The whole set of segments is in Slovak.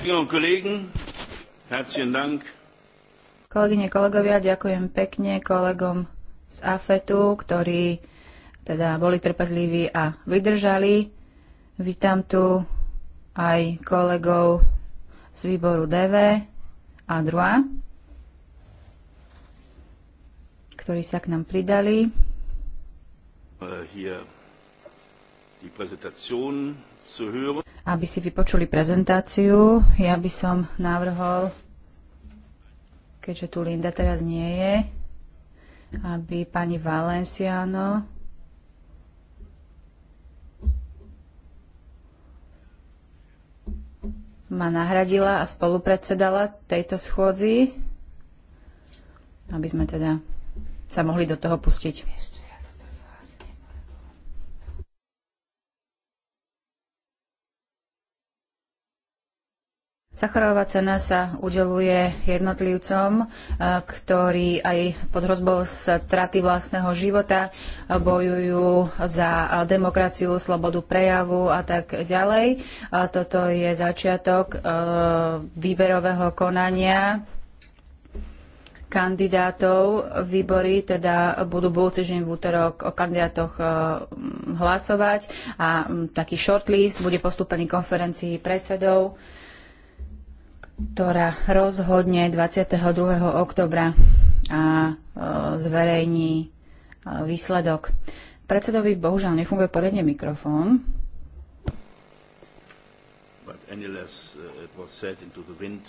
Kolegyne, kolegovia, ďakujem pekne kolegom z AFETu, ktorí teda boli trpezliví a vydržali. Vítam tu aj kolegov z výboru DV a DRUA, ktorí sa k nám pridali. Hier die zu hören aby si vypočuli prezentáciu. Ja by som navrhol, keďže tu Linda teraz nie je, aby pani Valenciano ma nahradila a spolupredsedala tejto schôdzi, aby sme teda sa mohli do toho pustiť. Sacharová cena sa udeluje jednotlivcom, e, ktorí aj pod hrozbou straty vlastného života bojujú za e, demokraciu, slobodu prejavu a tak ďalej. Toto je začiatok e, výberového konania kandidátov. Výbory teda budú budúci týždeň v útorok o kandidátoch hlasovať a taký shortlist bude postúpený konferencii predsedov ktorá rozhodne 22. oktobra a e, zverejní e, výsledok. Predsedovi bohužiaľ nefunguje poriadne mikrofón. But uh, it was said into the wind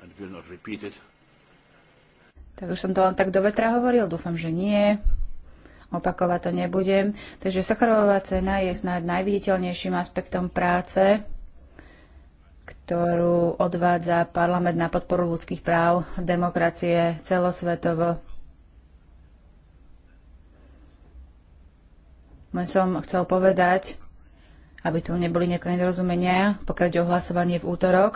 and will not repeat it. Tak už som to len tak do vetra hovoril, dúfam, že nie. Opakovať to nebudem. Takže Sacharová cena je snáď najviditeľnejším aspektom práce ktorú odvádza parlament na podporu ľudských práv, demokracie celosvetovo. Len som chcel povedať, aby tu neboli nejaké nedorozumenia, pokiaľ ide o hlasovanie v útorok.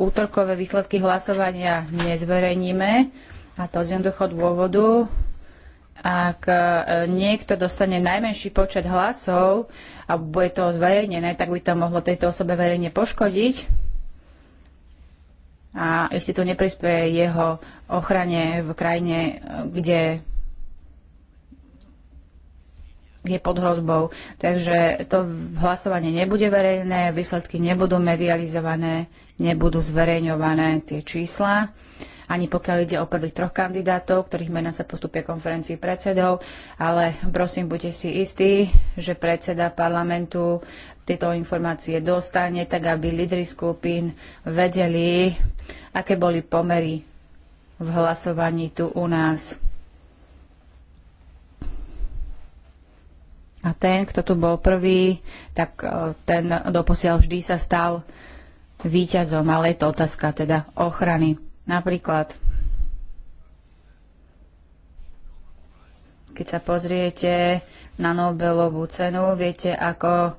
Útorkové výsledky hlasovania nezverejníme a to z jednoducho dôvodu, ak e, niekto dostane najmenší počet hlasov, a bude to zverejnené, tak by to mohlo tejto osobe verejne poškodiť a ešte to neprispieje jeho ochrane v krajine, kde je pod hrozbou. Takže to hlasovanie nebude verejné, výsledky nebudú medializované, nebudú zverejňované tie čísla ani pokiaľ ide o prvých troch kandidátov, ktorých mena sa postupia konferencii predsedov, ale prosím, buďte si istí, že predseda parlamentu tieto informácie dostane, tak aby lídry skupín vedeli, aké boli pomery v hlasovaní tu u nás. A ten, kto tu bol prvý, tak e, ten doposiaľ vždy sa stal víťazom, ale je to otázka teda ochrany Napríklad, keď sa pozriete na Nobelovú cenu, viete, ako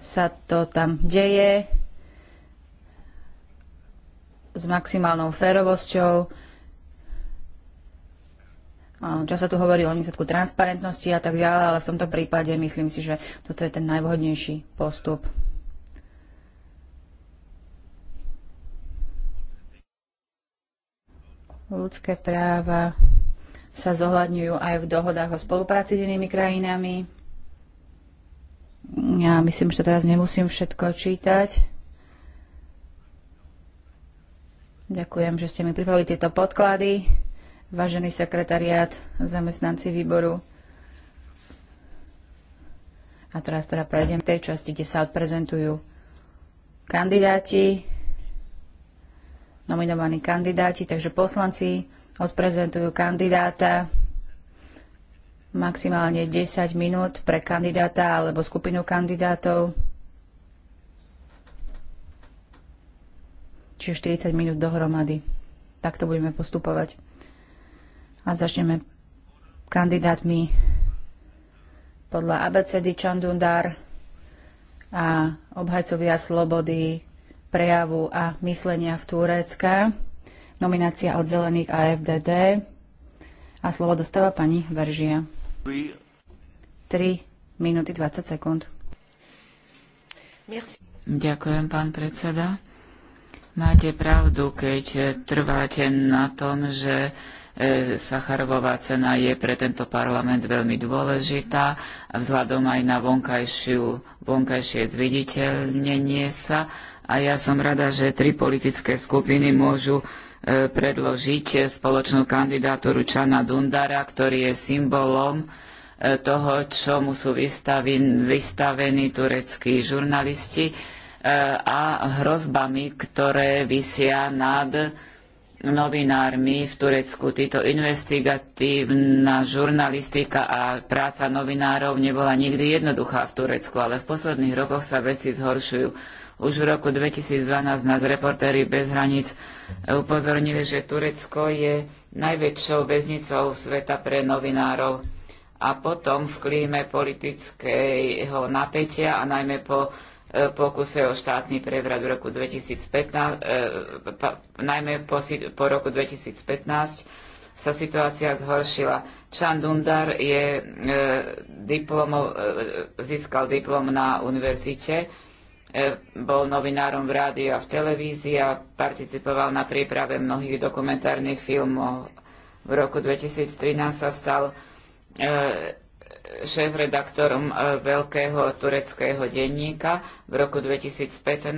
sa to tam deje s maximálnou férovosťou, čo sa tu hovorí o výsledku transparentnosti a tak ďalej, ale v tomto prípade myslím si, že toto je ten najvhodnejší postup. Ľudské práva sa zohľadňujú aj v dohodách o spolupráci s inými krajinami. Ja myslím, že teraz nemusím všetko čítať. Ďakujem, že ste mi pripravili tieto podklady. Vážený sekretariát, zamestnanci výboru. A teraz teda prejdem k tej časti, kde sa odprezentujú kandidáti nominovaní kandidáti, takže poslanci odprezentujú kandidáta maximálne 10 minút pre kandidáta alebo skupinu kandidátov. Čiže 40 minút dohromady. Takto budeme postupovať. A začneme kandidátmi podľa ABCD Čandundar a obhajcovia slobody prejavu a myslenia v Turecka, nominácia od zelených AFDD A slovo dostáva pani Veržia. 3 minúty 20 sekúnd. Merci. Ďakujem, pán predseda. Máte pravdu, keď trváte na tom, že E, Sacharovová cena je pre tento parlament veľmi dôležitá a vzhľadom aj na vonkajšiu, vonkajšie zviditeľnenie sa. A ja som rada, že tri politické skupiny môžu e, predložiť spoločnú kandidátoru Čana Dundara, ktorý je symbolom toho, e, toho, čomu sú vystavení tureckí žurnalisti a hrozbami, ktoré visia nad novinármi v Turecku. Týto investigatívna žurnalistika a práca novinárov nebola nikdy jednoduchá v Turecku, ale v posledných rokoch sa veci zhoršujú. Už v roku 2012 nás reportéri bez hraníc upozornili, že Turecko je najväčšou väznicou sveta pre novinárov. A potom v klíme politického napätia a najmä po pokuse o štátny prevrat v roku 2015, e, najmä po, po roku 2015 sa situácia zhoršila. Čandundar je, e, diplomov, e, získal diplom na univerzite, bol novinárom v rádiu a v televízii a participoval na príprave mnohých dokumentárnych filmov. V roku 2013 sa stal šéf-redaktorom e, veľkého tureckého denníka v roku 2015.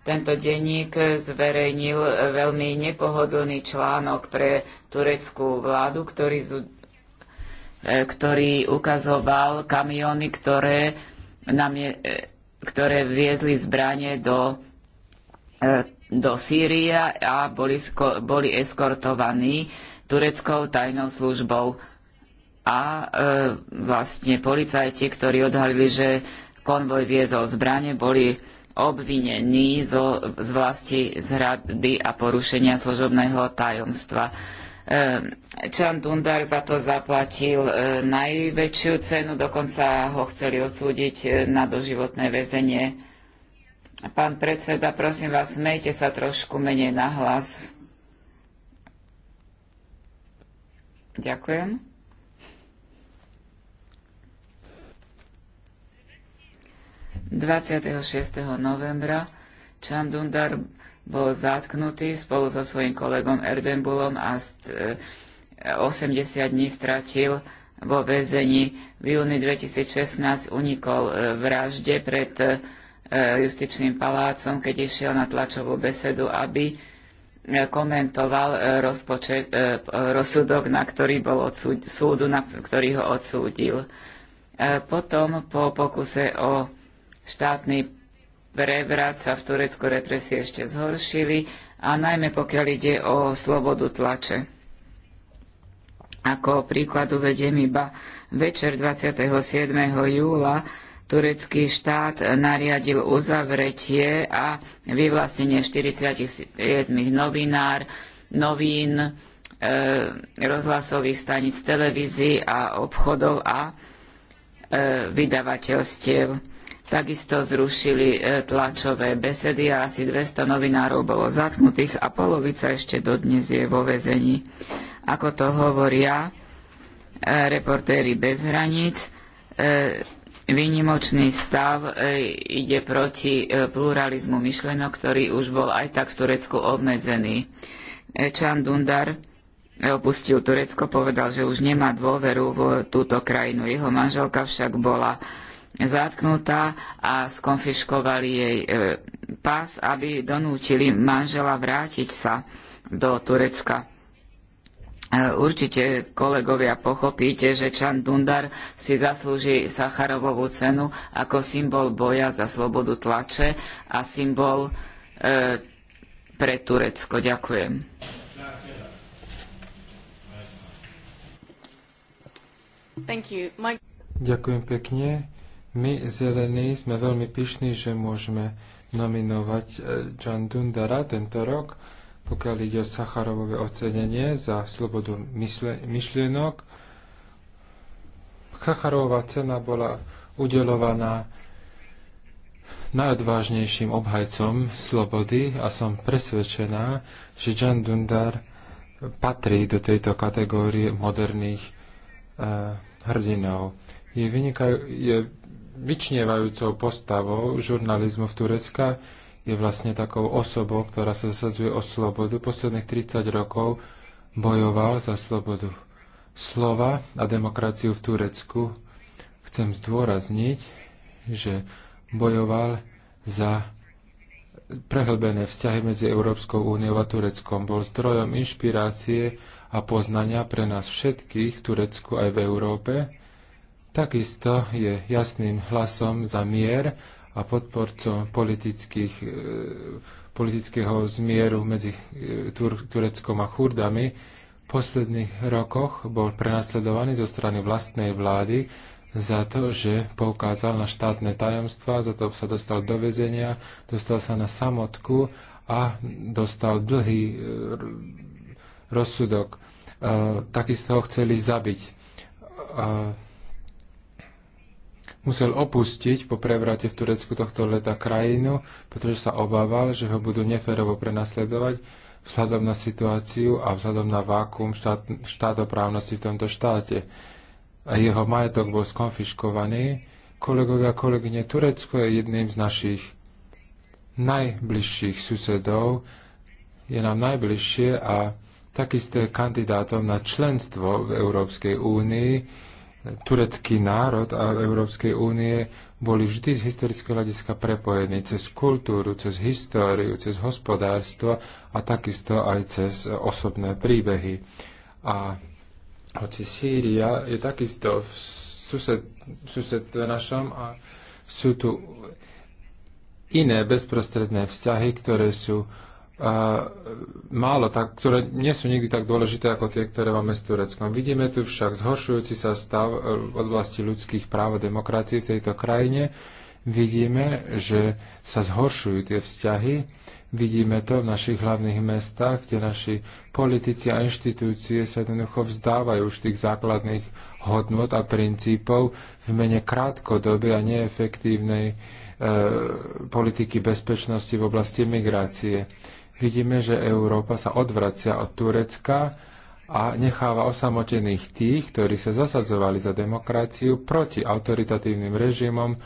Tento denník zverejnil veľmi nepohodlný článok pre tureckú vládu, ktorý, e, ktorý ukazoval kamiony, ktoré, namie, e, ktoré viezli zbranie do, do Sýria a boli, boli eskortovaní tureckou tajnou službou a e, vlastne policajti, ktorí odhalili, že konvoj viezol zbrane, boli obvinení zo, z vlasti zhrady a porušenia služobného tajomstva. E, Čan Dundar za to zaplatil e, najväčšiu cenu, dokonca ho chceli odsúdiť e, na doživotné väzenie. Pán predseda, prosím vás, smejte sa trošku menej nahlas. Ďakujem. 26. novembra Čandundar bol zatknutý spolu so svojím kolegom Erdembulom a 80 e, dní stratil vo väzení. V júni 2016 unikol e, vražde pred e, justičným palácom, keď išiel na tlačovú besedu, aby komentoval rozpočet, rozsudok, na ktorý bol odsúd, súdu, na ktorý ho odsúdil. Potom po pokuse o Štátny prevrat sa v Turecku represie ešte zhoršili a najmä pokiaľ ide o slobodu tlače. Ako príklad uvediem iba večer 27. júla turecký štát nariadil uzavretie a vyvlastnenie 47 novinár, novín, e, rozhlasových staníc televízií a obchodov a e, vydavateľstiev Takisto zrušili e, tlačové besedy a asi 200 novinárov bolo zatknutých a polovica ešte dodnes je vo väzení. Ako to hovoria e, reportéry bez hraníc, e, výnimočný stav ide proti pluralizmu myšlenok, ktorý už bol aj tak v Turecku obmedzený. Čan Dundar opustil Turecko, povedal, že už nemá dôveru v túto krajinu. Jeho manželka však bola zatknutá a skonfiškovali jej e, pás, aby donútili manžela vrátiť sa do Turecka. E, určite kolegovia pochopíte, že Čan Dundar si zaslúži Sacharovovú cenu ako symbol boja za slobodu tlače a symbol e, pre Turecko. Ďakujem. My... Ďakujem pekne. My, zelení, sme veľmi pyšní, že môžeme nominovať Jan e, Dundara tento rok, pokiaľ ide o Sacharovové ocenenie za slobodu mysle, myšlienok. Sacharová cena bola udelovaná najodvážnejším obhajcom slobody a som presvedčená, že Jan Dundar patrí do tejto kategórie moderných uh, hrdinov. Je, vynikaj- je vyčnievajúcou postavou žurnalizmu v Turecka je vlastne takou osobou, ktorá sa zasadzuje o slobodu. Posledných 30 rokov bojoval za slobodu slova a demokraciu v Turecku. Chcem zdôrazniť, že bojoval za prehlbené vzťahy medzi Európskou úniou a Tureckom. Bol zdrojom inšpirácie a poznania pre nás všetkých v Turecku aj v Európe Takisto je jasným hlasom za mier a podporcom politických, e, politického zmieru medzi e, Tureckom a Kurdami. V posledných rokoch bol prenasledovaný zo strany vlastnej vlády za to, že poukázal na štátne tajomstvá, za to sa dostal do väzenia, dostal sa na samotku a dostal dlhý e, rozsudok. Takisto ho chceli zabiť musel opustiť po prevrate v Turecku tohto leta krajinu, pretože sa obával, že ho budú neférovo prenasledovať vzhľadom na situáciu a vzhľadom na vákum štát, štátoprávnosti v tomto štáte. A jeho majetok bol skonfiškovaný. Kolegovia a kolegyne, Turecko je jedným z našich najbližších susedov, je nám najbližšie a takisto je kandidátom na členstvo v Európskej únii turecký národ a Európskej únie boli vždy z historického hľadiska prepojení cez kultúru, cez históriu, cez hospodárstvo a takisto aj cez osobné príbehy. A hoci Sýria je takisto v sused, susedstve našom a sú tu iné bezprostredné vzťahy, ktoré sú E, málo, tak, ktoré nie sú nikdy tak dôležité ako tie, ktoré máme s Tureckom. Vidíme tu však zhoršujúci sa stav e, v oblasti ľudských práv a demokracií v tejto krajine. Vidíme, že sa zhoršujú tie vzťahy. Vidíme to v našich hlavných mestách, kde naši politici a inštitúcie sa jednoducho vzdávajú už tých základných hodnot a princípov v mene krátkodobej a neefektívnej e, politiky bezpečnosti v oblasti migrácie vidíme, že Európa sa odvracia od Turecka a necháva osamotených tých, ktorí sa zasadzovali za demokraciu proti autoritatívnym režimom,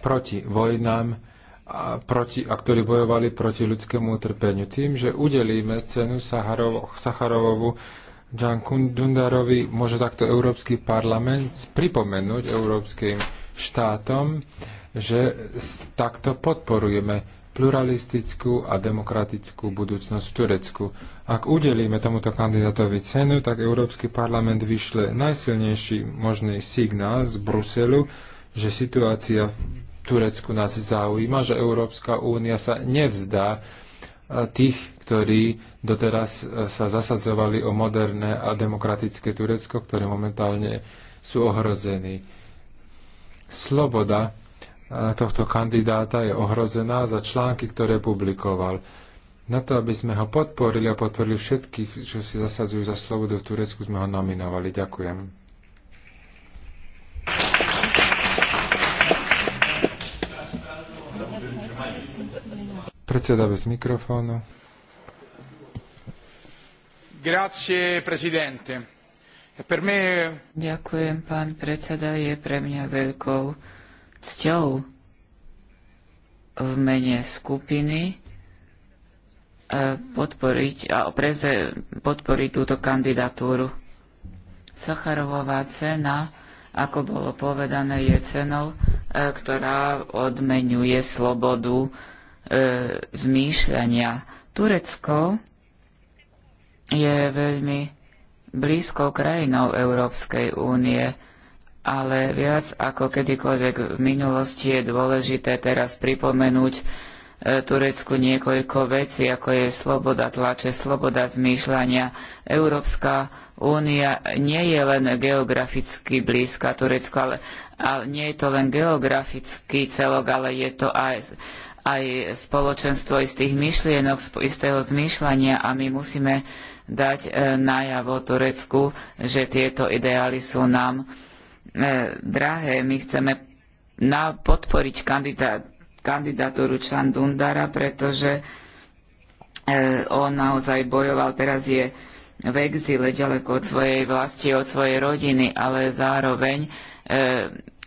proti vojnám, a, proti, a ktorí bojovali proti ľudskému utrpeniu. Tým, že udelíme cenu Sacharovovu Jan Dundarovi, môže takto Európsky parlament pripomenúť európskym štátom, že takto podporujeme pluralistickú a demokratickú budúcnosť v Turecku. Ak udelíme tomuto kandidátovi cenu, tak Európsky parlament vyšle najsilnejší možný signál z Bruselu, že situácia v Turecku nás zaujíma, že Európska únia sa nevzdá e, tých, ktorí doteraz e, sa zasadzovali o moderné a demokratické Turecko, ktoré momentálne sú ohrození. Sloboda tohto kandidáta je ohrozená za články, ktoré publikoval. Na to, aby sme ho podporili a podporili všetkých, čo si zasadzujú za slobodu v Turecku, sme ho nominovali. Ďakujem. Predseda bez mikrofónu. Grazie, prezidente. E Ďakujem, pán predseda. Je pre mňa veľkou cťou v mene skupiny e, podporiť a preze, podporiť túto kandidatúru. Sacharovová cena, ako bolo povedané, je cenou, e, ktorá odmenuje slobodu e, zmýšľania. Turecko je veľmi blízkou krajinou Európskej únie ale viac ako kedykoľvek v minulosti je dôležité teraz pripomenúť e, Turecku niekoľko vecí, ako je sloboda tlače, sloboda zmýšľania. Európska únia nie je len geograficky blízka Turecku, ale, ale nie je to len geografický celok, ale je to aj, aj spoločenstvo istých myšlienok, istého zmýšľania a my musíme dať e, najavo Turecku, že tieto ideály sú nám E, drahé. My chceme na podporiť kandidát, kandidatúru Čandundara, pretože e, on naozaj bojoval, teraz je v exíle ďaleko od svojej vlasti, od svojej rodiny, ale zároveň e,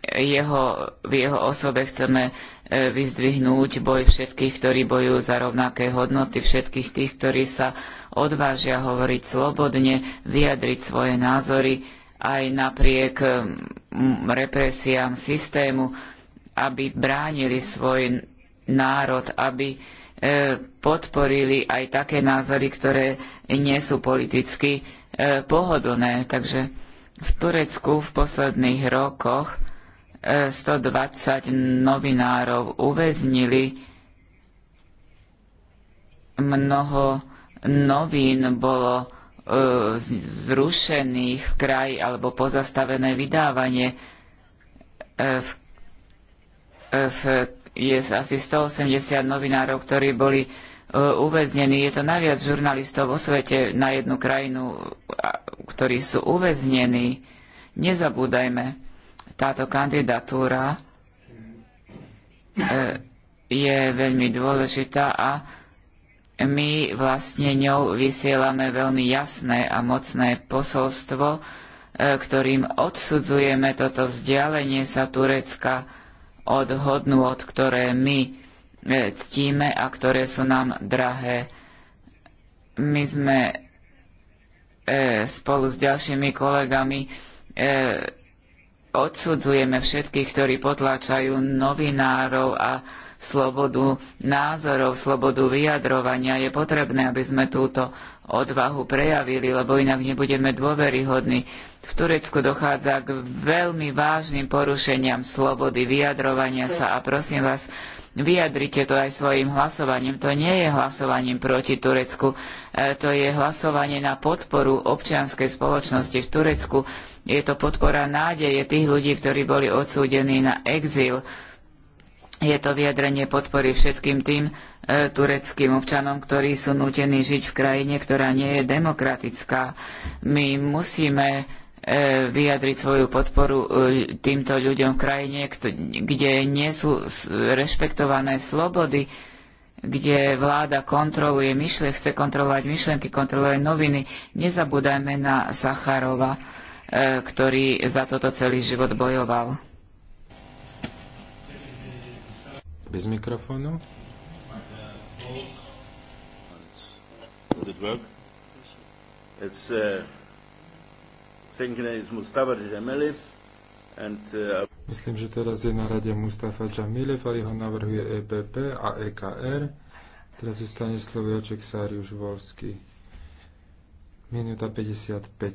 jeho, v jeho osobe chceme vyzdvihnúť boj všetkých, ktorí bojujú za rovnaké hodnoty, všetkých tých, ktorí sa odvážia hovoriť slobodne, vyjadriť svoje názory aj napriek um, represiám systému, aby bránili svoj národ, aby e, podporili aj také názory, ktoré nie sú politicky e, pohodlné. Takže v Turecku v posledných rokoch 120 e, novinárov uväznili, mnoho novín bolo E, zrušených kraj alebo pozastavené vydávanie e, v, e, v, je asi 180 novinárov, ktorí boli uväznení. Je to najviac žurnalistov vo svete na jednu krajinu, ktorí sú uväznení. Nezabúdajme, táto kandidatúra je veľmi dôležitá a my vlastne ňou vysielame veľmi jasné a mocné posolstvo, e, ktorým odsudzujeme toto vzdialenie sa Turecka od hodnôt, ktoré my e, ctíme a ktoré sú nám drahé. My sme e, spolu s ďalšími kolegami odsudzujeme všetkých, ktorí potláčajú novinárov a slobodu názorov, slobodu vyjadrovania. Je potrebné, aby sme túto odvahu prejavili, lebo inak nebudeme dôveryhodní. V Turecku dochádza k veľmi vážnym porušeniam slobody vyjadrovania sa a prosím vás, Vyjadrite to aj svojim hlasovaním. To nie je hlasovaním proti Turecku. E, to je hlasovanie na podporu občianskej spoločnosti v Turecku. Je to podpora nádeje tých ľudí, ktorí boli odsúdení na exil. Je to vyjadrenie podpory všetkým tým e, tureckým občanom, ktorí sú nútení žiť v krajine, ktorá nie je demokratická. My musíme E, vyjadriť svoju podporu e, týmto ľuďom v krajine, kde nie sú rešpektované slobody, kde vláda kontroluje myšlienky, chce kontrolovať myšlienky, kontroluje noviny. Nezabúdajme na Sacharova, e, ktorý za toto celý život bojoval. Bez mikrofónu. it work? It's uh, Uh, Myslím, že teraz je na rade Mustafa Džamilev e a jeho navrhuje EPP a EKR. Teraz zostane slovo Joček Sáriuš Volský. Minúta 55.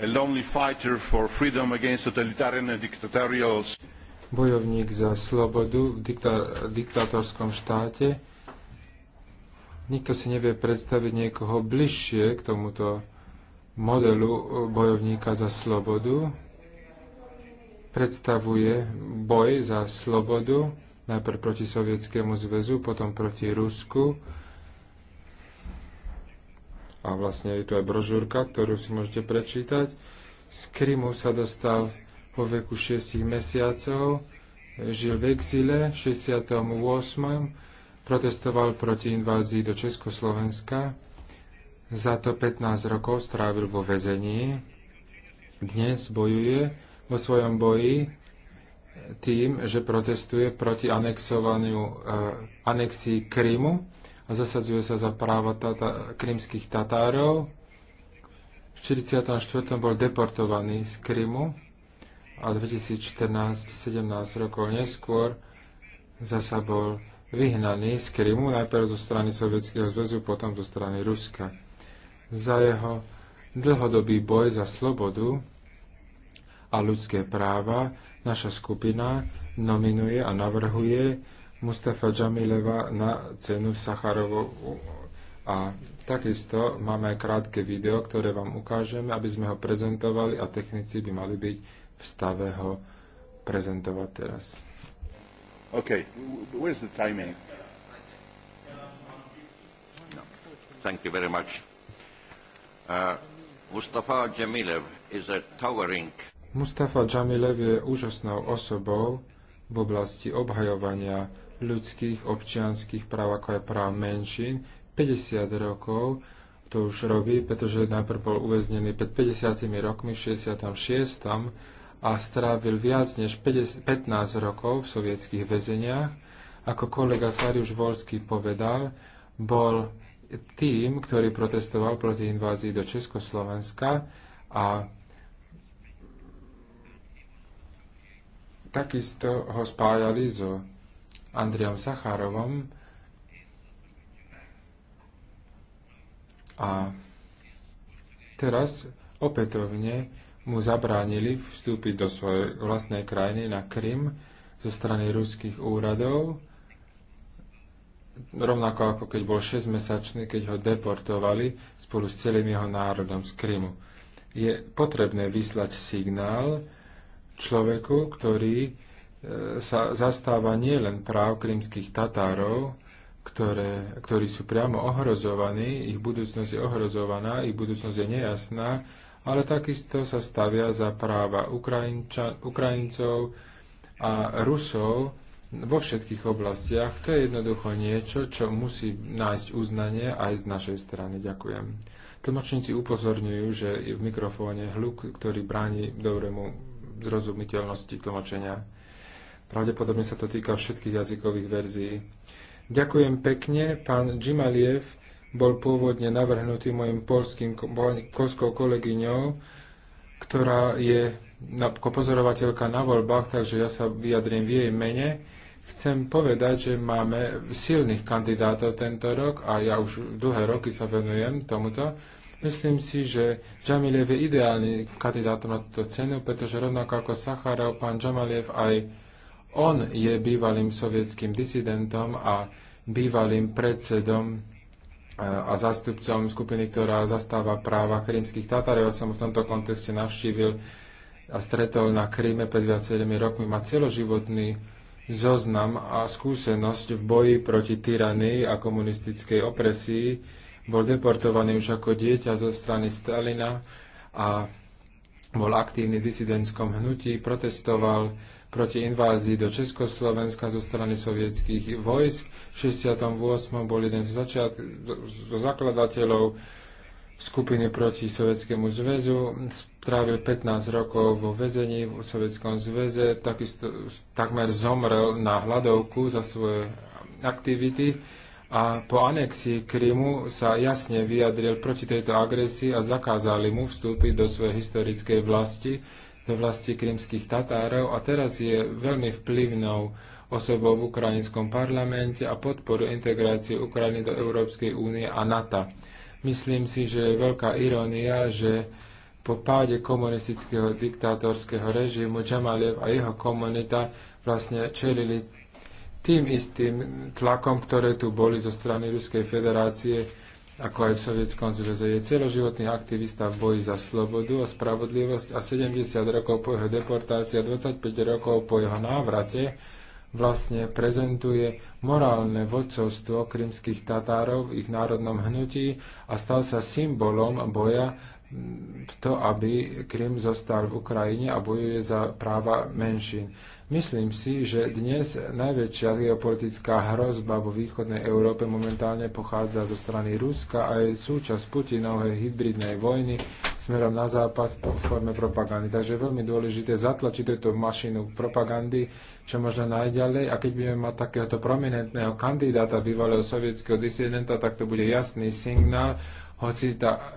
A lonely fighter for freedom against totalitarian and dictatorial bojovník za slobodu v dikta- diktatorskom štáte. Nikto si nevie predstaviť niekoho bližšie k tomuto modelu eh, bojovníka za slobodu predstavuje boj za slobodu najprv proti Sovietskému zväzu, potom proti Rusku. A vlastne je tu aj brožúrka, ktorú si môžete prečítať. Z Krymu sa dostal po veku 6 mesiacov, žil v exile 68. protestoval proti invázii do Československa za to 15 rokov strávil vo väzení. Dnes bojuje vo svojom boji tým, že protestuje proti anexovaniu eh, anexii Krymu a zasadzuje sa za práva tata, krymských Tatárov. V 44. bol deportovaný z Krymu a 2014-17 rokov neskôr zasa bol vyhnaný z Krymu, najprv zo strany Sovietskeho zväzu, potom zo strany Ruska za jeho dlhodobý boj za slobodu a ľudské práva. Naša skupina nominuje a navrhuje Mustafa Džamileva na cenu Sacharovou A takisto máme aj krátke video, ktoré vám ukážeme, aby sme ho prezentovali a technici by mali byť v stave ho prezentovať teraz. Okay, where's the timing? No. Thank you very much. Uh, Mustafa Jamilev is a towering... Mustafa Jamilev je úžasnou osobou v oblasti obhajovania ľudských, občianských práv, ako aj práv menšín. 50 rokov to už robí, pretože najprv bol uväznený pred 50 rokmi, 66 a strávil viac než 50, 15 rokov v sovietských väzeniach. Ako kolega Sariuš Volský povedal, bol tým, ktorý protestoval proti invázii do Československa a takisto ho spájali s so Andriom Sacharovom a teraz opätovne mu zabránili vstúpiť do svojej vlastnej krajiny na Krym zo strany ruských úradov rovnako ako keď bol 6-mesačný, keď ho deportovali spolu s celým jeho národom z Krymu. Je potrebné vyslať signál človeku, ktorý e, sa zastáva nielen práv krymských Tatárov, ktoré, ktorí sú priamo ohrozovaní, ich budúcnosť je ohrozovaná, ich budúcnosť je nejasná, ale takisto sa stavia za práva Ukrajinča, Ukrajincov a Rusov, vo všetkých oblastiach. To je jednoducho niečo, čo musí nájsť uznanie aj z našej strany. Ďakujem. Tlmočníci upozorňujú, že je v mikrofóne hluk, ktorý bráni dobrému zrozumiteľnosti tlmočenia. Pravdepodobne sa to týka všetkých jazykových verzií. Ďakujem pekne. Pán Džimaliev bol pôvodne navrhnutý mojim polským, polskou kolegyňou, ktorá je pozorovateľka na voľbách, takže ja sa vyjadrím v jej mene. Chcem povedať, že máme silných kandidátov tento rok a ja už dlhé roky sa venujem tomuto. Myslím si, že Džamiliev je ideálny kandidátom na túto cenu, pretože rovnako ako Sacharov, pán Džamaliev aj on je bývalým sovietským disidentom a bývalým predsedom e, a zástupcom skupiny, ktorá zastáva práva krímskych Tatarov. Ja som v tomto kontexte navštívil a stretol na Kríme pred viacerými rokmi. Má celoživotný zoznam a skúsenosť v boji proti tyranii a komunistickej opresii. Bol deportovaný už ako dieťa zo strany Stalina a bol aktívny v disidentskom hnutí, protestoval proti invázii do Československa zo strany sovietských vojsk. V 68. bol jeden z, začiat- zo zakladateľov skupiny proti Sovjetskému zväzu. Strávil 15 rokov vo väzení v Sovjetskom zväze, takisto takmer zomrel na hladovku za svoje aktivity a po anexii Krymu sa jasne vyjadril proti tejto agresii a zakázali mu vstúpiť do svojej historickej vlasti, do vlasti krymských Tatárov a teraz je veľmi vplyvnou osobou v ukrajinskom parlamente a podporuje integráciu Ukrajiny do Európskej únie a NATO. Myslím si, že je veľká irónia, že po páde komunistického diktátorského režimu Džamaliev a jeho komunita vlastne čelili tým istým tlakom, ktoré tu boli zo strany Ruskej federácie, ako aj v Sovietskom zväze. Je celoživotný aktivista v boji za slobodu a spravodlivosť a 70 rokov po jeho deportácii a 25 rokov po jeho návrate vlastne prezentuje morálne vodcovstvo krymských Tatárov v ich národnom hnutí a stal sa symbolom boja to, aby Krym zostal v Ukrajine a bojuje za práva menšín. Myslím si, že dnes najväčšia geopolitická hrozba vo východnej Európe momentálne pochádza zo strany Ruska a je súčasť Putinovej hybridnej vojny smerom na západ v forme propagandy. Takže je veľmi dôležité zatlačiť túto mašinu propagandy čo možno najďalej a keď budeme mať takéhoto prominentného kandidáta bývalého sovietského disidenta, tak to bude jasný signál, hoci tá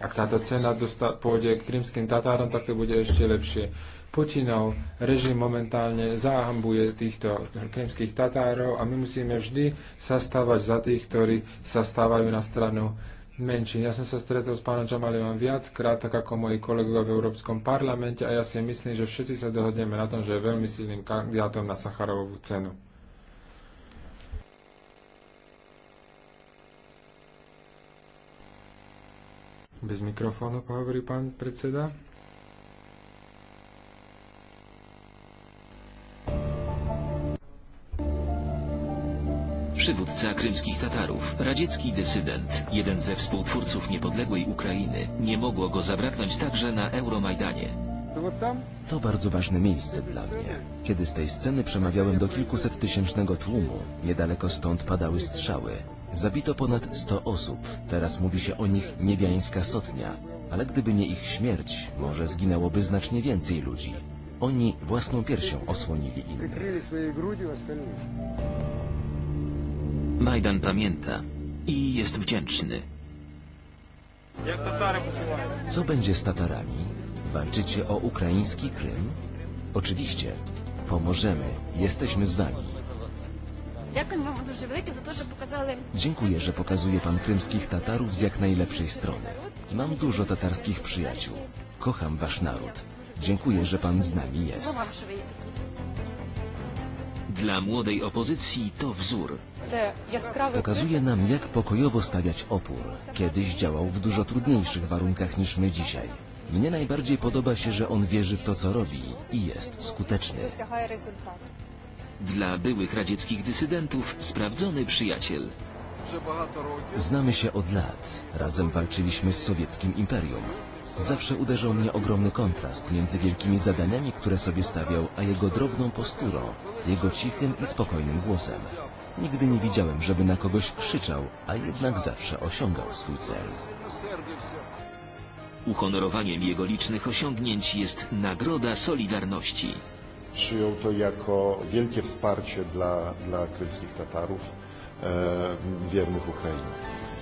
ak táto cena dosta- pôjde k krymským Tatárom, tak to bude ešte lepšie. Putinov režim momentálne zahambuje týchto krymských Tatárov a my musíme vždy sa stávať za tých, ktorí sa stávajú na stranu menšín. Ja som sa stretol s pánom Čamalevom viackrát, tak ako moji kolegovia v Európskom parlamente a ja si myslím, že všetci sa dohodneme na tom, že je veľmi silným kandidátom na Sacharovú cenu. Bez mikrofónu pohovorí pán predseda. Przywódca krymskich Tatarów, radziecki dysydent, jeden ze współtwórców niepodległej Ukrainy, nie mogło go zabraknąć także na Euromajdanie. To bardzo ważne miejsce dla mnie. Kiedy z tej sceny przemawiałem do kilkuset tysięcznego tłumu, niedaleko stąd padały strzały. Zabito ponad 100 osób, teraz mówi się o nich niebiańska sotnia, ale gdyby nie ich śmierć, może zginęłoby znacznie więcej ludzi. Oni własną piersią osłonili innych. Majdan pamięta i jest wdzięczny. Co będzie z Tatarami? Walczycie o ukraiński Krym? Oczywiście, pomożemy, jesteśmy z wami za to, pokazali... Dziękuję, że pokazuje pan krymskich Tatarów z jak najlepszej strony. Mam dużo tatarskich przyjaciół. Kocham wasz naród. Dziękuję, że pan z nami jest. Dla młodej opozycji to wzór. Pokazuje nam, jak pokojowo stawiać opór. Kiedyś działał w dużo trudniejszych warunkach niż my dzisiaj. Mnie najbardziej podoba się, że on wierzy w to, co robi i jest skuteczny dla byłych radzieckich dysydentów sprawdzony przyjaciel. Znamy się od lat. Razem walczyliśmy z sowieckim imperium. Zawsze uderzał mnie ogromny kontrast między wielkimi zadaniami, które sobie stawiał, a jego drobną posturą, jego cichym i spokojnym głosem. Nigdy nie widziałem, żeby na kogoś krzyczał, a jednak zawsze osiągał swój cel. Uhonorowaniem jego licznych osiągnięć jest Nagroda Solidarności przyjął to jako wielkie wsparcie dla, dla krymskich Tatarów e, wiernych Ukrainy.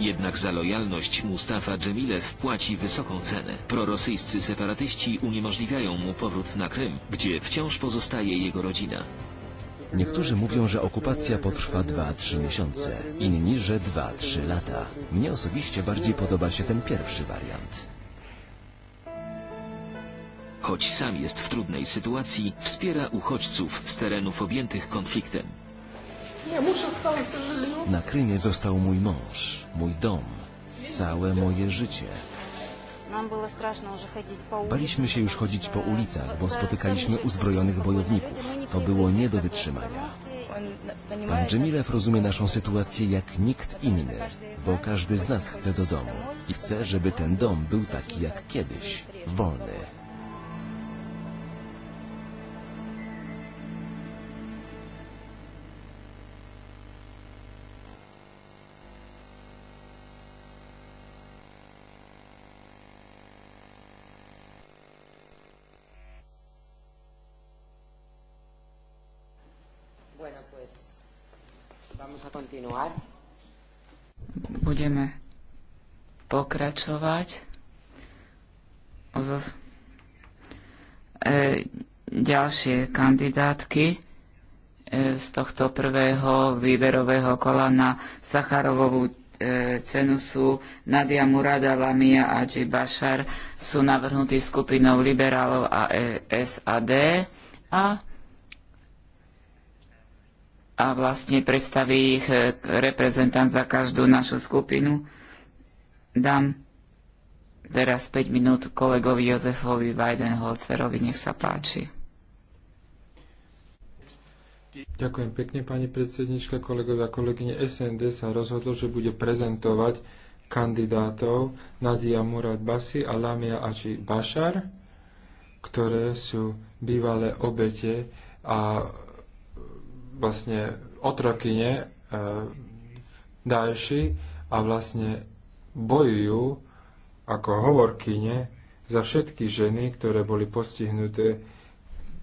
Jednak za lojalność Mustafa Dżemilew płaci wysoką cenę. Prorosyjscy separatyści uniemożliwiają mu powrót na Krym, gdzie wciąż pozostaje jego rodzina. Niektórzy mówią, że okupacja potrwa 2-3 miesiące, inni, że 2-3 lata. Mnie osobiście bardziej podoba się ten pierwszy wariant choć sam jest w trudnej sytuacji, wspiera uchodźców z terenów objętych konfliktem. Na Krymie został mój mąż, mój dom, całe moje życie. Baliśmy się już chodzić po ulicach, bo spotykaliśmy uzbrojonych bojowników. To było nie do wytrzymania. Pan Dżemilew rozumie naszą sytuację jak nikt inny, bo każdy z nas chce do domu i chce, żeby ten dom był taki jak kiedyś, wolny. pokračovať. Zos... E, ďalšie kandidátky e, z tohto prvého výberového kola na Sacharovovú e, cenu sú Nadia Murada, Lamia a G. Bashar sú navrhnutí skupinou liberálov a e, SAD a, a vlastne predstaví ich reprezentant za každú našu skupinu Dám teraz 5 minút kolegovi Jozefovi Weidenholzerovi. Nech sa páči. Ďakujem pekne, pani predsednička, kolegovia a kolegyne. SND sa rozhodlo, že bude prezentovať kandidátov Nadia Murad Basi a Lamia Ači Bašar, ktoré sú bývalé obete a vlastne otrokyne e, eh, Daeši a vlastne bojujú ako hovorkyne za všetky ženy, ktoré boli postihnuté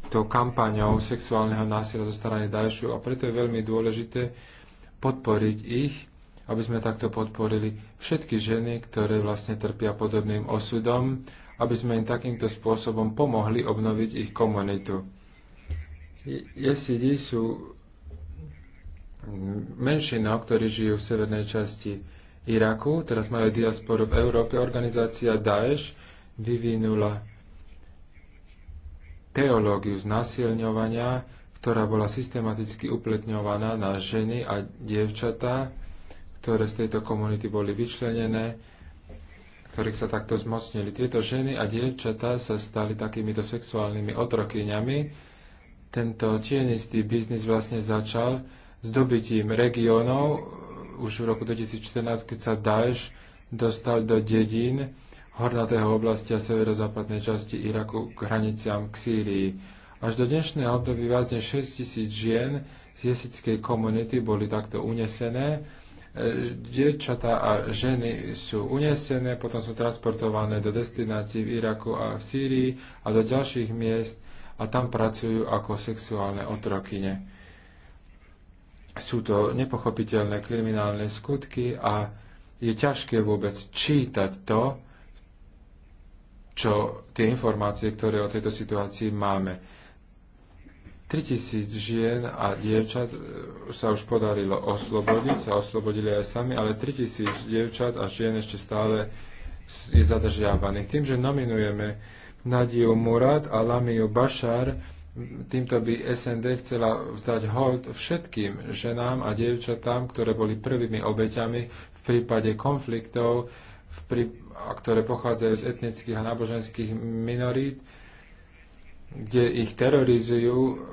tou kampaňou sexuálneho násilia zo strany Dajšu a preto je veľmi dôležité podporiť ich, aby sme takto podporili všetky ženy, ktoré vlastne trpia podobným osudom, aby sme im takýmto spôsobom pomohli obnoviť ich komunitu. Jesidi sú menšina, ktorí žijú v severnej časti Iraku, teraz majú diasporu v Európe, organizácia Daesh vyvinula teológiu znásilňovania, ktorá bola systematicky upletňovaná na ženy a dievčatá, ktoré z tejto komunity boli vyčlenené, ktorých sa takto zmocnili. Tieto ženy a dievčatá sa stali takýmito sexuálnymi otrokyňami. Tento tienistý biznis vlastne začal s dobitím regiónov už v roku 2014, keď sa Daesh dostal do dedín hornatého oblasti a severozápadnej časti Iraku k hraniciam k Sýrii. Až do dnešného období viac než 6 tisíc žien z jesickej komunity boli takto unesené. E, dievčatá a ženy sú unesené, potom sú transportované do destinácií v Iraku a v Sýrii a do ďalších miest a tam pracujú ako sexuálne otrokyne sú to nepochopiteľné kriminálne skutky a je ťažké vôbec čítať to, čo tie informácie, ktoré o tejto situácii máme. 3000 žien a dievčat e, sa už podarilo oslobodiť, sa oslobodili aj sami, ale 3000 dievčat a žien ešte stále je zadržiavaných. Tým, že nominujeme Nadiu Murad a Lamiu Bashar, Týmto by SND chcela vzdať hold všetkým ženám a dievčatám, ktoré boli prvými obeťami v prípade konfliktov, v prí... a ktoré pochádzajú z etnických a náboženských minorít, kde ich terorizujú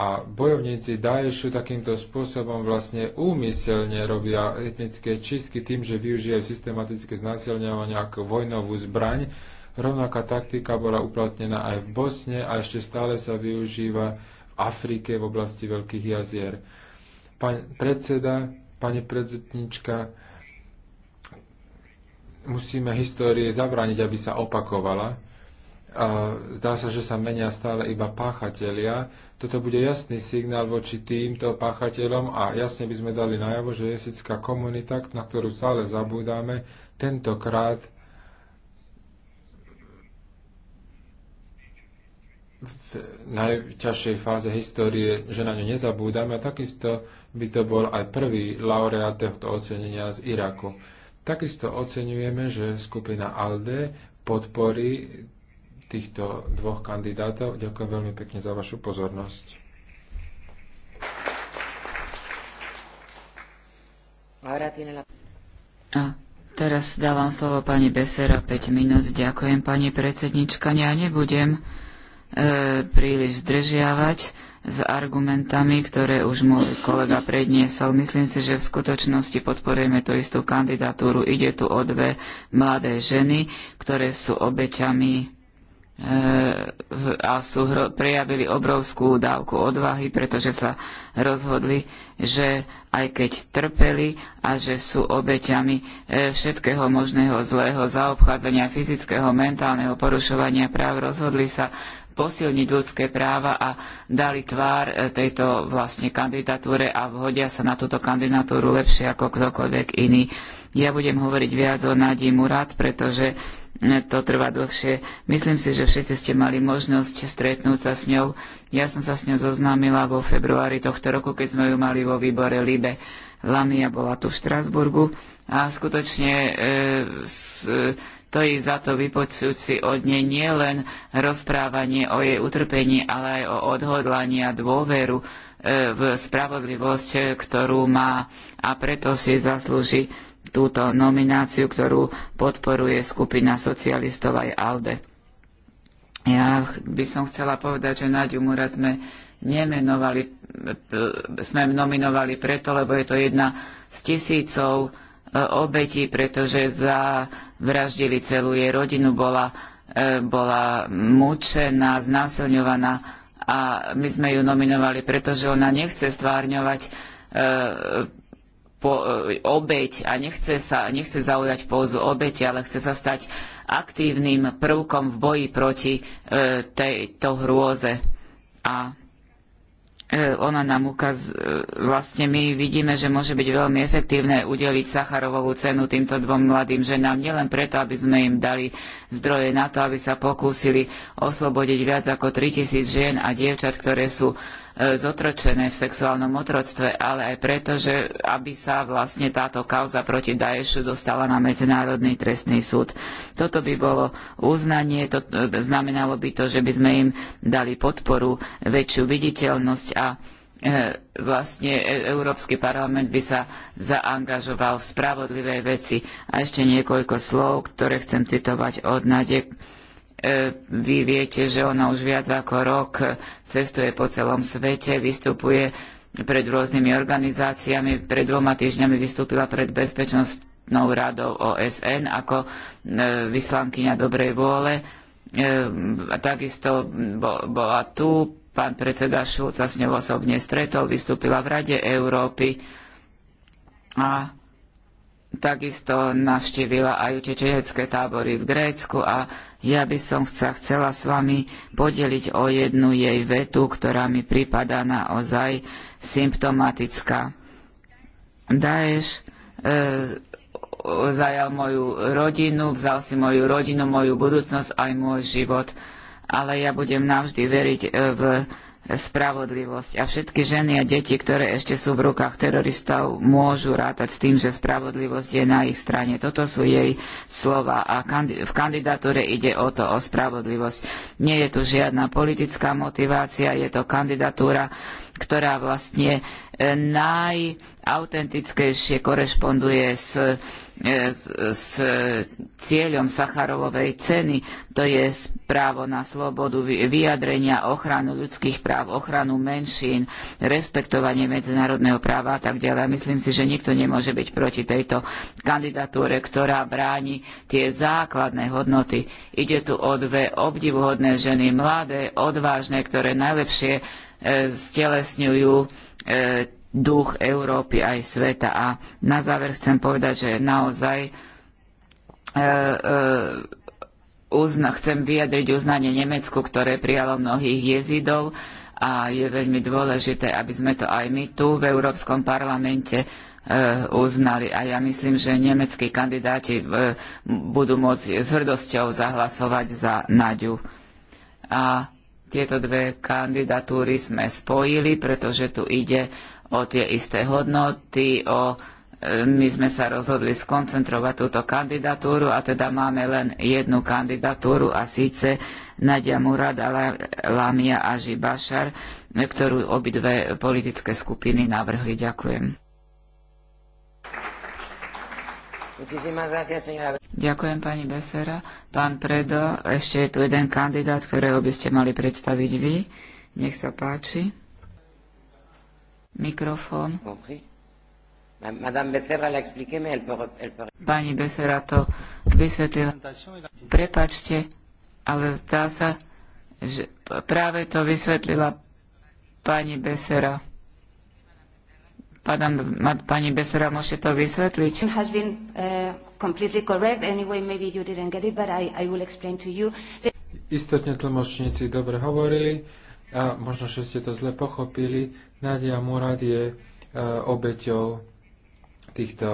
a bojovníci Daešu takýmto spôsobom vlastne úmyselne robia etnické čistky tým, že využijú systematické znásilňovanie ako vojnovú zbraň Rovnaká taktika bola uplatnená aj v Bosne a ešte stále sa využíva v Afrike v oblasti Veľkých jazier. Pani predseda, pani predsednička, musíme histórie zabrániť, aby sa opakovala. A zdá sa, že sa menia stále iba páchatelia. Toto bude jasný signál voči týmto páchateľom a jasne by sme dali najavo, že jesická komunita, na ktorú stále zabúdame, tentokrát v najťažšej fáze histórie, že na ňu nezabúdame a takisto by to bol aj prvý laureát tohto ocenenia z Iraku. Takisto oceňujeme, že skupina ALDE podporí týchto dvoch kandidátov. Ďakujem veľmi pekne za vašu pozornosť. A teraz dávam slovo pani Besera 5 minút. Ďakujem, pani predsednička. Ja nebudem E, príliš zdržiavať s argumentami, ktoré už môj kolega predniesol. Myslím si, že v skutočnosti podporujeme tú istú kandidatúru. Ide tu o dve mladé ženy, ktoré sú obeťami e, a sú, prejavili obrovskú dávku odvahy, pretože sa rozhodli, že aj keď trpeli a že sú obeťami e, všetkého možného zlého zaobchádzania, fyzického, mentálneho porušovania práv, rozhodli sa posilniť ľudské práva a dali tvár e, tejto vlastne kandidatúre a vhodia sa na túto kandidatúru lepšie ako ktokoľvek iný. Ja budem hovoriť viac o Nadí Murad, pretože e, to trvá dlhšie. Myslím si, že všetci ste mali možnosť stretnúť sa s ňou. Ja som sa s ňou zoznámila vo februári tohto roku, keď sme ju mali vo výbore Libe. Lamia bola tu v Štrasburgu a skutočne e, s, e, stojí za to vypočuť si od nej nielen rozprávanie o jej utrpení, ale aj o odhodlanie a dôveru e, v spravodlivosť, ktorú má a preto si zaslúži túto nomináciu, ktorú podporuje skupina socialistov aj ALDE. Ja by som chcela povedať, že Nadiu Murad sme nemenovali, e, sme nominovali preto, lebo je to jedna z tisícov E, obetí, pretože zavraždili celú jej rodinu, bola, e, bola mučená, znásilňovaná a my sme ju nominovali, pretože ona nechce stvárňovať e, obeť a nechce, sa, nechce zaujať pózu obete, ale chce sa stať aktívnym prvkom v boji proti e, tejto hrôze. A E, ona nám ukaz, e, vlastne my vidíme, že môže byť veľmi efektívne udeliť Sacharovovú cenu týmto dvom mladým ženám, nielen preto, aby sme im dali zdroje na to, aby sa pokúsili oslobodiť viac ako 3000 žien a dievčat, ktoré sú E, zotročené v sexuálnom otroctve, ale aj preto, že aby sa vlastne táto kauza proti Daešu dostala na Medzinárodný trestný súd. Toto by bolo uznanie, to, e, znamenalo by to, že by sme im dali podporu, väčšiu viditeľnosť a e, vlastne Európsky parlament by sa zaangažoval v spravodlivej veci. A ešte niekoľko slov, ktoré chcem citovať od Nadie E, vy viete, že ona už viac ako rok cestuje po celom svete, vystupuje pred rôznymi organizáciami. Pred dvoma týždňami vystúpila pred Bezpečnostnou radou OSN ako e, vyslankyňa dobrej vôle. E, takisto bola tu, pán predseda Šulca s ňou osobne stretol, vystúpila v Rade Európy a takisto navštívila aj utečenecké tábory v Grécku a ja by som sa chcela s vami podeliť o jednu jej vetu, ktorá mi pripadá naozaj symptomatická. Daesh e, zajal moju rodinu, vzal si moju rodinu, moju budúcnosť aj môj život. Ale ja budem navždy veriť e, v spravodlivosť. A všetky ženy a deti, ktoré ešte sú v rukách teroristov, môžu rátať s tým, že spravodlivosť je na ich strane. Toto sú jej slova a v kandidatúre ide o to, o spravodlivosť. Nie je tu žiadna politická motivácia, je to kandidatúra, ktorá vlastne eh, najautentickejšie korešponduje s E, s, cieľom Sacharovovej ceny, to je právo na slobodu vyjadrenia, ochranu ľudských práv, ochranu menšín, respektovanie medzinárodného práva a tak ďalej. Myslím si, že nikto nemôže byť proti tejto kandidatúre, ktorá bráni tie základné hodnoty. Ide tu o dve obdivuhodné ženy, mladé, odvážne, ktoré najlepšie e, stelesňujú e, duch Európy aj sveta. A na záver chcem povedať, že naozaj e, e, uzna, chcem vyjadriť uznanie Nemecku, ktoré prijalo mnohých jezidov a je veľmi dôležité, aby sme to aj my tu v Európskom parlamente e, uznali. A ja myslím, že nemeckí kandidáti e, budú môcť s hrdosťou zahlasovať za Naďu. A tieto dve kandidatúry sme spojili, pretože tu ide o tie isté hodnoty, o e, my sme sa rozhodli skoncentrovať túto kandidatúru a teda máme len jednu kandidatúru a síce Nadia Murad Lamia a Bašar, ktorú obidve politické skupiny navrhli. Ďakujem. Ďakujem pani Besera. Pán Predo, ešte je tu jeden kandidát, ktorého by ste mali predstaviť vy. Nech sa páči mikrofón. Pani Becerra to vysvetlila. Prepačte, ale zdá sa, že práve to vysvetlila pani Besera. Pada, pani Besera, môžete to vysvetliť? Uh, Istotne tlmočníci dobre hovorili a možno, že ste to zle pochopili, Nadia Murad je e, obeťou týchto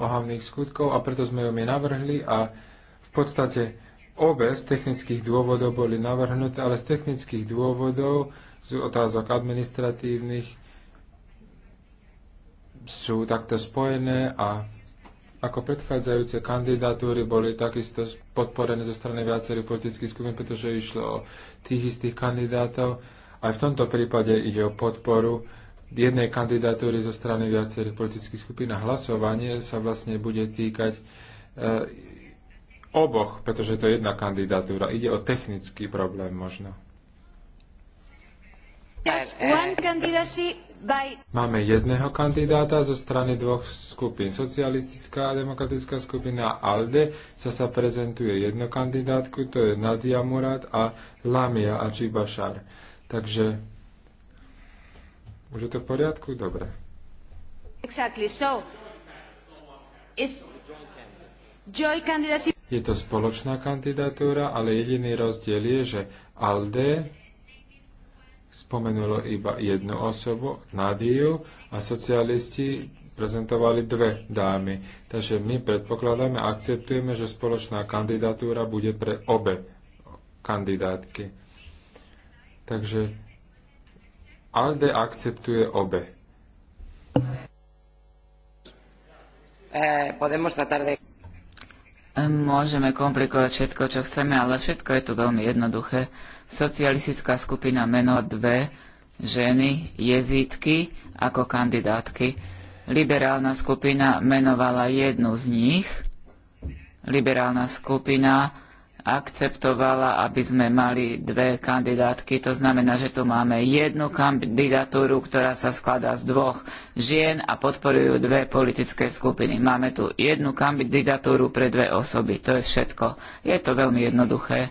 ohavných skutkov a preto sme ju mi navrhli a v podstate obe z technických dôvodov boli navrhnuté, ale z technických dôvodov, z otázok administratívnych sú takto spojené a ako predchádzajúce kandidatúry boli takisto podporené zo strany viacerých politických skupín, pretože išlo o tých istých kandidátov. Aj v tomto prípade ide o podporu jednej kandidatúry zo strany viacerých politických skupín a hlasovanie sa vlastne bude týkať e, oboch, pretože to je jedna kandidatúra. Ide o technický problém možno. Just one candidacy by... Máme jedného kandidáta zo strany dvoch skupín. Socialistická a demokratická skupina ALDE sa sa prezentuje jednu kandidátku, to je Nadia Murad a Lamia Ačibašar. Takže už je to v poriadku? Dobre. Exactly. So, is joy candidacy... Je to spoločná kandidatúra, ale jediný rozdiel je, že ALDE spomenulo iba jednu osobu, Nadiu, a socialisti prezentovali dve dámy. Takže my predpokladáme, akceptujeme, že spoločná kandidatúra bude pre obe kandidátky. Takže ALDE akceptuje obe. Eh, podemos tratar de môžeme komplikovať všetko, čo chceme, ale všetko je tu veľmi jednoduché. Socialistická skupina meno dve ženy, jezítky ako kandidátky. Liberálna skupina menovala jednu z nich. Liberálna skupina akceptovala, aby sme mali dve kandidátky. To znamená, že tu máme jednu kandidatúru, ktorá sa skladá z dvoch žien a podporujú dve politické skupiny. Máme tu jednu kandidatúru pre dve osoby. To je všetko. Je to veľmi jednoduché.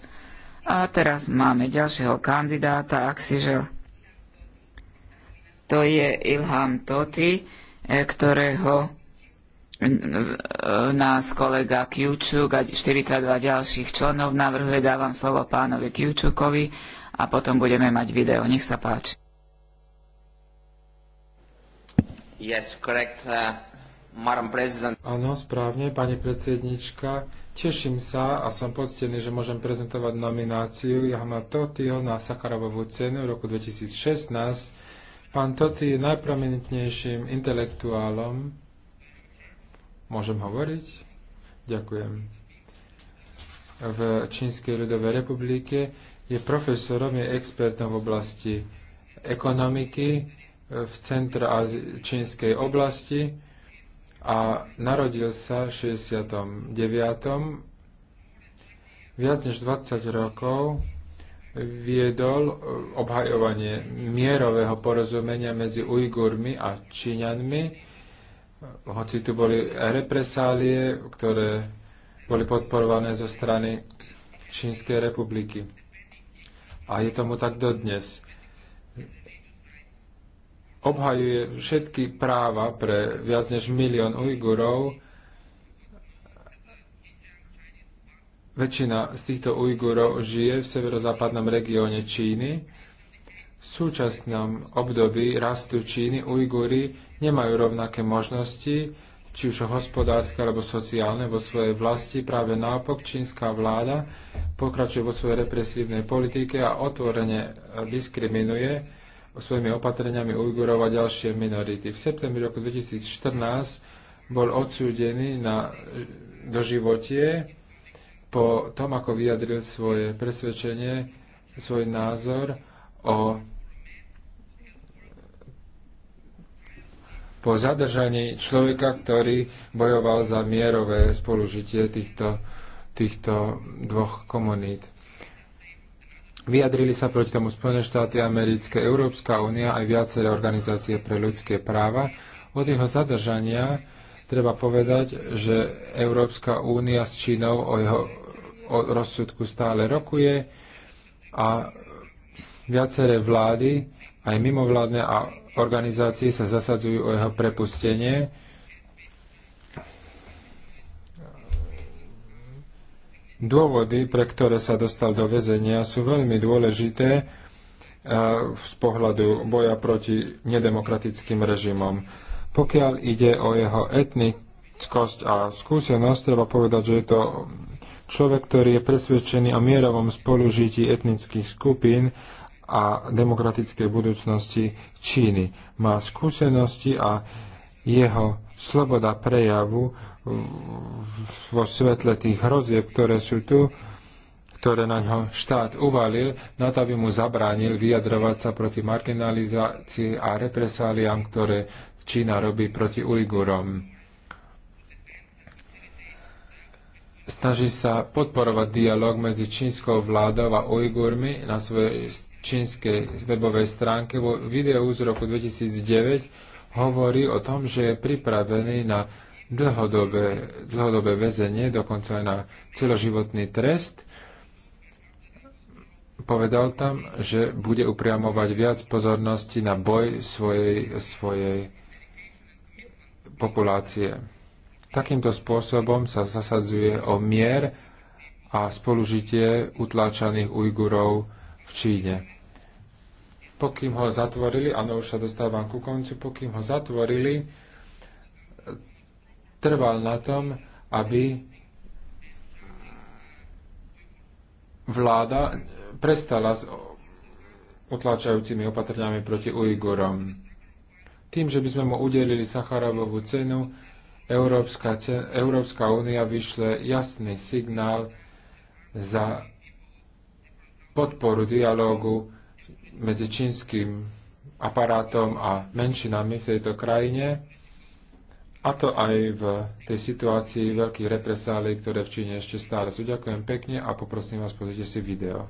A teraz máme ďalšieho kandidáta, ak si žel. To je Ilham Toti, e, ktorého E, nás kolega Kiučuk a 42 ďalších členov navrhuje. Dávam slovo pánovi Kiučukovi a potom budeme mať video. Nech sa páči. Yes, correct, uh, Madam President. Áno, správne, pani predsednička. Teším sa a som poctený, že môžem prezentovať nomináciu Jahma Totiho na Sacharovovú cenu v roku 2016. Pán Toti je najprominentnejším intelektuálom, Môžem hovoriť? Ďakujem. V Čínskej ľudovej republike je profesorom, je expertom v oblasti ekonomiky v centra čínskej oblasti a narodil sa v 69. Viac než 20 rokov viedol e, obhajovanie mierového porozumenia medzi Ujgurmi a Číňanmi hoci tu boli represálie, ktoré boli podporované zo strany Čínskej republiky. A je tomu tak dodnes. Obhajuje všetky práva pre viac než milión Ujgurov. Väčšina z týchto Ujgurov žije v severozápadnom regióne Číny v súčasnom období rastu Číny Ujguri nemajú rovnaké možnosti, či už hospodárske alebo sociálne vo svojej vlasti. Práve nápok čínska vláda pokračuje vo svojej represívnej politike a otvorene diskriminuje svojimi opatreniami Ujgurov a ďalšie minority. V septembri roku 2014 bol odsúdený na doživotie po tom, ako vyjadril svoje presvedčenie, svoj názor o po zadržaní človeka, ktorý bojoval za mierové spolužitie týchto, týchto dvoch komunít. Vyjadrili sa proti tomu Spojené štáty americké, Európska únia aj viaceré organizácie pre ľudské práva. Od jeho zadržania treba povedať, že Európska únia s Čínou o jeho o rozsudku stále rokuje a viaceré vlády, aj mimovládne a organizácií sa zasadzujú o jeho prepustenie. Dôvody, pre ktoré sa dostal do väzenia, sú veľmi dôležité eh, z pohľadu boja proti nedemokratickým režimom. Pokiaľ ide o jeho etnickosť a skúsenosť, treba povedať, že je to človek, ktorý je presvedčený o mierovom spolužití etnických skupín a demokratickej budúcnosti Číny. Má skúsenosti a jeho sloboda prejavu vo svetle tých hrozieb, ktoré sú tu, ktoré na ňo štát uvalil, na to, aby mu zabránil vyjadrovať sa proti marginalizácii a represáliám, ktoré Čína robí proti Ujgurom. Snaží sa podporovať dialog medzi čínskou vládou a Ujgurmi na svojej čínskej webovej stránke. Vo videu z roku 2009 hovorí o tom, že je pripravený na dlhodobé, dlhodobé väzenie, dokonca aj na celoživotný trest. Povedal tam, že bude upriamovať viac pozornosti na boj svojej, svojej populácie. Takýmto spôsobom sa zasadzuje o mier a spolužitie utláčaných Ujgurov Číne. Pokým ho zatvorili, áno, už sa dostávam ku koncu, pokým ho zatvorili, trval na tom, aby vláda prestala s utláčajúcimi opatrňami proti Ujgurom. Tým, že by sme mu udelili Sacharovovú cenu, Európska, cen, Európska únia vyšle jasný signál za podporu dialogu medzi čínskym aparátom a menšinami v tejto krajine, a to aj v tej situácii veľkých represálií, ktoré v Číne ešte stále sú. Ďakujem pekne a poprosím vás, pozrite si video.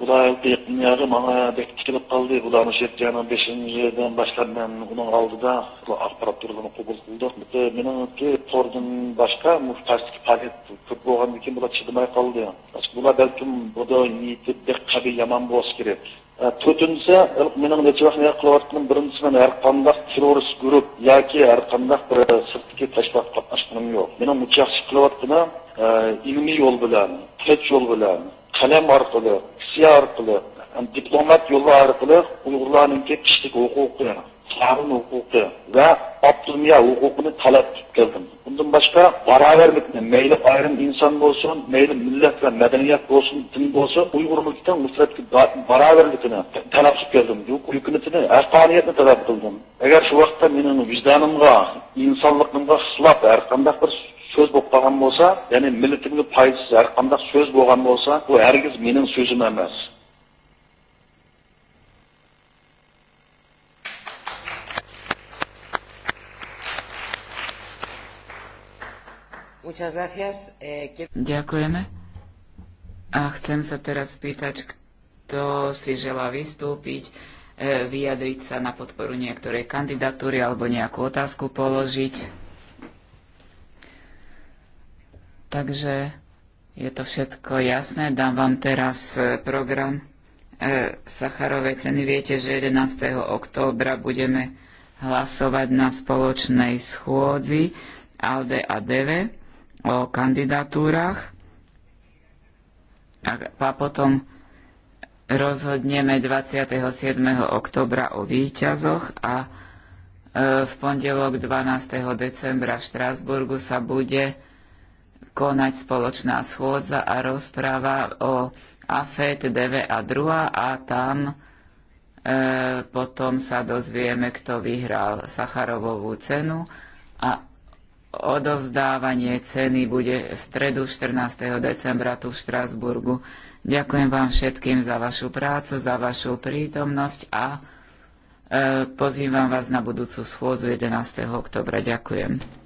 Bula yakınları bana bektirip kaldı. şey Nuşetyan'ın beşinci yerden başlar ben onun aldı da akbarat turlarını kubul kıldık. Benim ki tordun başka muhtarsızki paket köp boğandı ki da çıdımay kaldı. da belki bu da niyeti de kabi yaman boz gerek. Төртінші, менің нәтиже не қылып жатқаным бірінші мен әрқандай террорист групп яки әрқандай бір сыртқы тәшбат қатнашқаным жоқ. Менің мұчақшы қылып жатқаным илми жол білән, тет жол білән, қалам арқылы, tavsiya orqali diplomat yo'li orqali uyg'urlarninki kishilik huquqi qonun huquqi va avtonomiya huquqini talab qilib keldim bundan boshqa barobarlikni mayli ayrim inson bo'lsin mayli millat va madaniyat bo'lsin din bo'lsin uyg'urlikdan barobarlikni talab qilib keldim hukumatini haqqoniyatni talab qildim agar shu vaqtda meni vijdonimga insonligimga xilof har qanday bir сөз болып қалған болса яғни милләтімге пайдасыз әрқандай сөз болған болса бұл әргіз менің сөзім емес Ďakujeme. A chcem sa teraz spýtať, kto si želá vystúpiť, eh, vyjadriť sa na podporu niektorej kandidatúry alebo nejakú otázku položiť. Takže je to všetko jasné. Dám vám teraz e, program e, Sacharovej ceny. Viete, že 11. októbra budeme hlasovať na spoločnej schôdzi ALDE a DEVE o kandidatúrach. A potom rozhodneme 27. oktobra o výťazoch a e, v pondelok 12. decembra v Štrásburgu sa bude konať spoločná schôdza a rozpráva o AFET, DV a druhá a tam e, potom sa dozvieme, kto vyhral Sacharovovú cenu a odovzdávanie ceny bude v stredu 14. decembra tu v Štrasburgu. Ďakujem vám všetkým za vašu prácu, za vašu prítomnosť a e, pozývam vás na budúcu schôdzu 11. oktobra. Ďakujem.